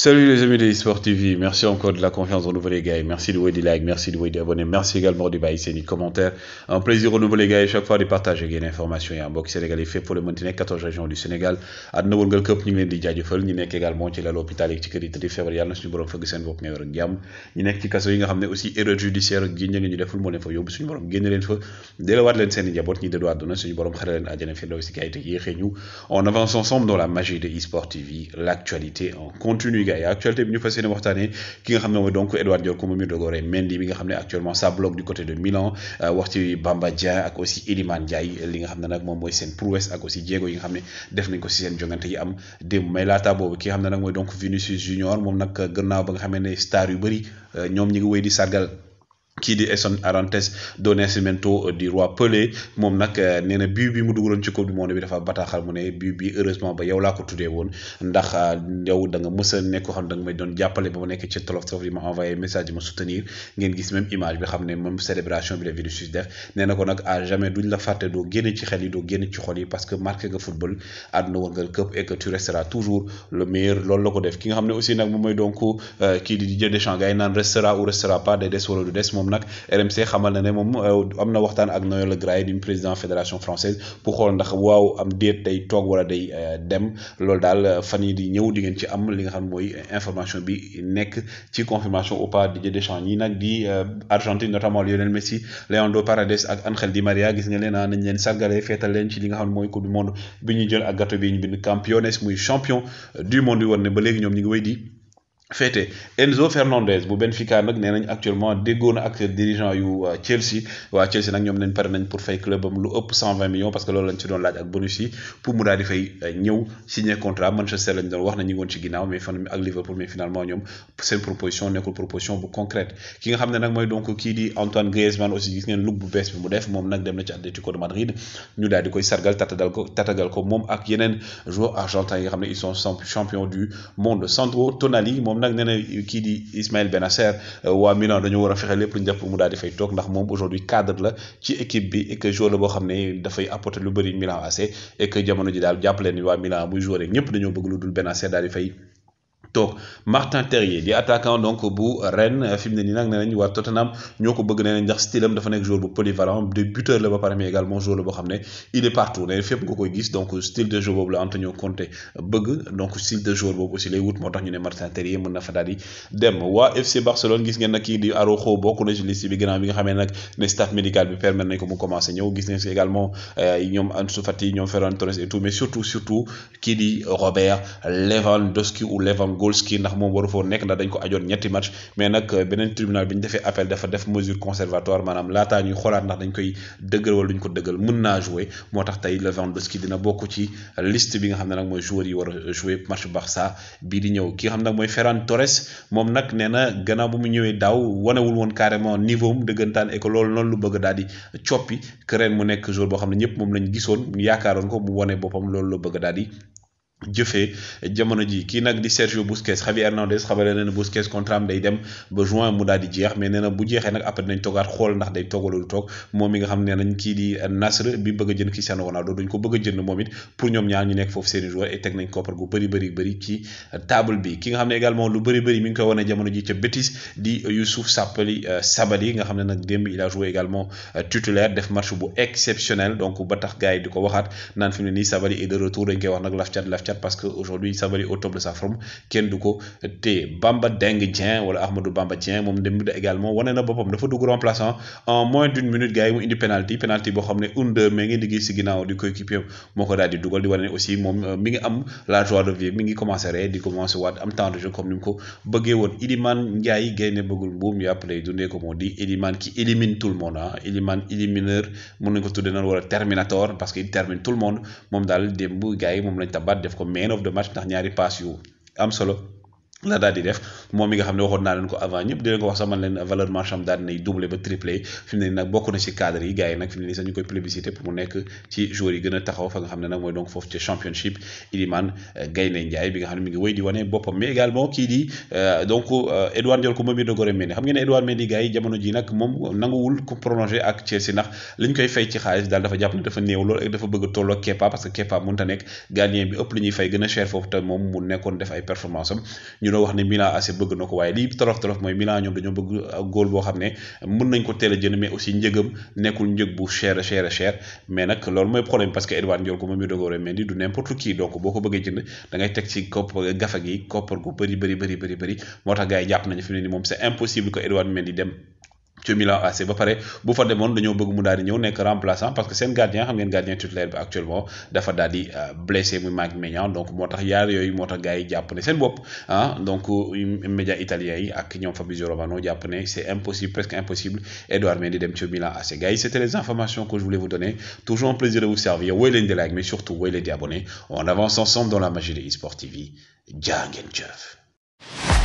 Salut les amis de eSport TV, merci encore de la confiance renouvelée les gars, merci de vous des likes, merci de vous des abonnés, merci également de baisser des commentaires. Un plaisir renouvelé les gars, chaque fois de partager des informations et un box est fait pour le maintenir 14 régions du Sénégal. À nouveau le club ni di jajeufal ñi nek également ci l'hôpital et ci kër yi février yalla suñu borom fëgg seen bop ngay wër ak jàmm ñi nek ci kasso yi nga xamné aussi erreur judiciaire ak gi ñu deful mo leen fa yobbu suñu borom génn leen fa délawaat leen seen njaboot ñi déddu aduna suñu borom xara leen aljana fi daw ci kayité on avance ensemble dans la magie de eSport TV, l'actualité en continu Ndiaye actualité bi ñu fas yéene waxtaanee ki nga xam ne mooy donc Edouard Diolko moom mi dogooree Mendy bi nga xam ne actuellement ça bloque du côté de Milan euh, wax ci Bamba Dieng ak aussi Iliman Ndiaye li nga xam ne nag moom mooy seen prouesse ak aussi jéego yi nga xam ne def nañ ko si seen jongante yi am démb mais laata boobu ki nga xam ne nag mooy donc Vinicius Junior moom nag gannaaw ba nga xamee ne star yu bëri euh, ñoom ñi ngi wéy di sargal qui di Edson Arantes do Nascimento euh, du Roi Pelé mom nak euh, néna na bi mu dugulon ci coupe du monde bi dafa bataaxal mu ne but bi heureusement ba yow la ko tudé woon ndax euh, yow da nga mës nek nekk koo xam da nga may don jappalé ba ma nekk ci tolof tolof di ma envoyer message ma soutenir ngeen gis même image bi xamné ne même célébration bi la Vinicius def nee na ko nag à jamais duñ la faté do génn ci xel yi doo ci xol yi parce que marqué nga football aduna woon nga këpp et que tu resteras toujours le meilleur lolou la ko def ki nga xamné aussi nak moom donc ki di Didier Deschamps gars yi restera ou restera pas day des wala du des nak RMC xamal na né mom euh, amna na ak Noël Le Graët président fédération française pour xool ndax waw am déet tay tok wala day euh, dem lol dal euh, fani di ñëw di ngeen ci am li nga xam moy information bi nekk ci confirmation ou pas Didier Deschamps ñi nak di Argentine notamment Lionel Messi Leandro Paredes ak Angel Di Maria gis nga leen ah nañ leen sagalé fétal leen ci li nga xam moy coupe du monde bi ñu jël ak gato bi ñu bind Campeones muy champion du monde yi war ne ba légui ñom ñu ngi wéy di fete Enzo Fernandez bu Benfica nak nee actuellement déggoo acteur ak dirigeant yu euh, Chelsea wa Chelsea nak ñom nañ pare nañ pour fay club am lu ëpp 120 millions parce que loolu lañ ci doon laaj ak bonus yi pour mu daal di fay euh, ñëw signé contrat Manchester lañ doon wax na ñu ci ginnaw mais fan ak Liverpool mais finalement ñom seen proposition nekkul proposition bu concrète ki nga xam nak moy donc ki di Antoine Griezmann aussi gis ngeen look bu bees bi mu def mom nak dem na ci Atletico de Madrid ñu daal di koy sargal tatagal ko tatagal ko mom ak yenen joueur argentin yi nga ils sont champions du monde Sandro Tonali moom moom nag nee na kii di Ismaïl Benacer euh, waa Milan dañu war a fexe lépp lu ñu def pour mu daal fay toog ndax moom aujourd'hui cadre la ci équipe bi et que joueur la boo xam ne dafay apporter lu bëri Milan AC et jamono ji daal jàppale ni waa Milan muy joueur ñëpp dañoo bëgg lu dul Benacer daal di fay donc Martin Terrier di attaquant donc bu Rennes film de ne nii ou Tottenham nous ko bëgg nee nañ ndax style am dafa nekk joueur bu polyvalent de buteur le ba pare également joueur le boo xam il est partout a fépp beaucoup de gis donc style de jeu boobu la Antonio Conte bëgg donc style de joueur boobu aussi lay wut moo tax ñu Martin Terrier mon affaire fa daal dem wa FC Barcelone gis ngeen nag kii di Araujo bokk na ci liste bi gannaaw bi nga xamee staff médical bi permettre nañ ko mu commencé ñëw gis ngeen si également euh, ñoom Ansu Fati ñoom Ferran Torres et tout mais surtout surtout qui di Robert Lewandowski ou Lewandowski Golski ndax moom waru foo nekk ndax dañ ko ajoon ñetti match mais nag euh, beneen tribunal bi ñu defee appel dafa def mesure conservatoire maanaam laataa ñuy xoolaat ndax dañ koy dëggal wala duñ ko dëggal mën moo tax tey Lewandowski dina bokk ci nga xam ne nag mooy joueur yi war a jouer match Barça bii di ñëw ki nga xam nag mooy Ferran Torres moom nag nee na gannaaw bu mu ñëwee daaw wanewul woon carrément niveau am dëggantaan et que loolu noonu lu bëgg daal di coppi que mu nekk joueur boo xam ne ñëpp moom lañ gisoon yaakaaroon ko mu wane loolu la bëgg daal jëfee jamono ji kii nag di Sergio Busquets Javi Hernandez xamale na ne Busquets contrat am day dem ba juin mu daal di jeex mais nee na bu jeexee nag après nañ toogaat xool ndax day toog wala du toog moom mi nga xam ne nañ kii di Nasr bi bëgg a jënd Cristiano Ronaldo duñ ko bëgg a jënd moom it pour ñoom ñaar ñu nekk foofu seeni joueur et teg nañ koppar gu bëri bëri bëri ci table bi ki nga xam ne également lu bëri bëri mi ngi koy wane jamono ji ca Betis di Youssouf Sabaly euh, Sabaly nga xam ne nag démb il a joué également euh, titulaire def match bu exceptionnel ba tax gars yi wax nag laf cat cat parce qu'aujourd'hui Sabaly au top de sa forme kenn du ko Bamba Deng Dieng wala Ahmadou Bamba Dieng moom dem également wane na boppam dafa dugg remplaçant en moins d'une minute gars yi mu indi penalty penalty boo xam ne under mais ngeen di gis si di coéquipier moo ko daal di dugal di aussi mon euh, mi ngi am la joie de vivre mi ngi commencé ree di à waat am temps de jeu comme ni mu ko bëggee woon Iliman Ndiaye gaynde bëggul mbuum yàpp lay dundee ko moo di Iliman qui élimine tout le monde ah Iliman élimineur mën nañ ko tuddee noonu wala Terminator parce qu'il termine tout le monde moom Dal, démb gars yi moom lañ tabaat ko man of the match ndax ñaari you. yu am solo la daal di def moom mi nga xam ne waxoon naa leen ko avant ñëpp di leen ko wax sama man leen valeur marchande daal dinay doubler ba tripler fi mu ne nag bokk na ci cadre yi gars yi nag fi mu ne nii sax ñu koy plébiscité pour mu nekk ci joueur yi gën a taxaw fa nga xam ne nag mooy donc foofu ci championship Iliman Gaynde Ndiaye bi nga xam ne mi ngi wéy di wane boppam mais également kii di donc Edouard Ndiol ko moom de Goré Mendy xam ngeen ne Edouard Mendy gars yi jamono ji nak moom nanguwul ko prolonger ak Chelsea ndax li ñu koy fay ci xaalis daal dafa jàpp ne dafa néew lool ak dafa bëgg a tolloo Kepa parce que Kepa mënta nekk gardien bi ëpp li ñuy fay gën a cher foofu te moom mu nekkoon def ay performance am ñu doon wax ne Milan AC bëgg na ko waaye lii torof torof mooy Milan ñoom dañoo bëgg góol boo xam ne mën nañ ko teel a jënd mais aussi njëgam nekkul njëg bu cher cher cher mais nag loolu mooy problème parce que Edouard Ndiol ko moom mi dogoore Mendy du n'importe qui donc boo ko bëggee jënd da teg ci kopp gafa gi koppar gu bëri bëri bëri bëri bëri moo tax gars yi jàpp nañu fi ne ni moom c'est impossible que Edouard Mendy dem ci Milan AC ba pare bu fa demoon dañu bëgg mu daal di ñëw nekk remplaçant parce que sen gardien xam ngeen gardien titulaire bi actuellement dafa daal di euh, blessé muy Mike Maignan donc motax tax yaar yooyu moo tax gars yi jàpp ne seen bopp ah donc média italien yi ak ñom Fabrizio Romano japp ne c'est impossible presque impossible Edouard Mendy dem ci Milan AC gaay C'était les informations que je voulais vous donner toujours un plaisir de vous servir woy leen di like mais surtout woy leen di on avance ensemble dans la magie de eSport TV jaa ngeen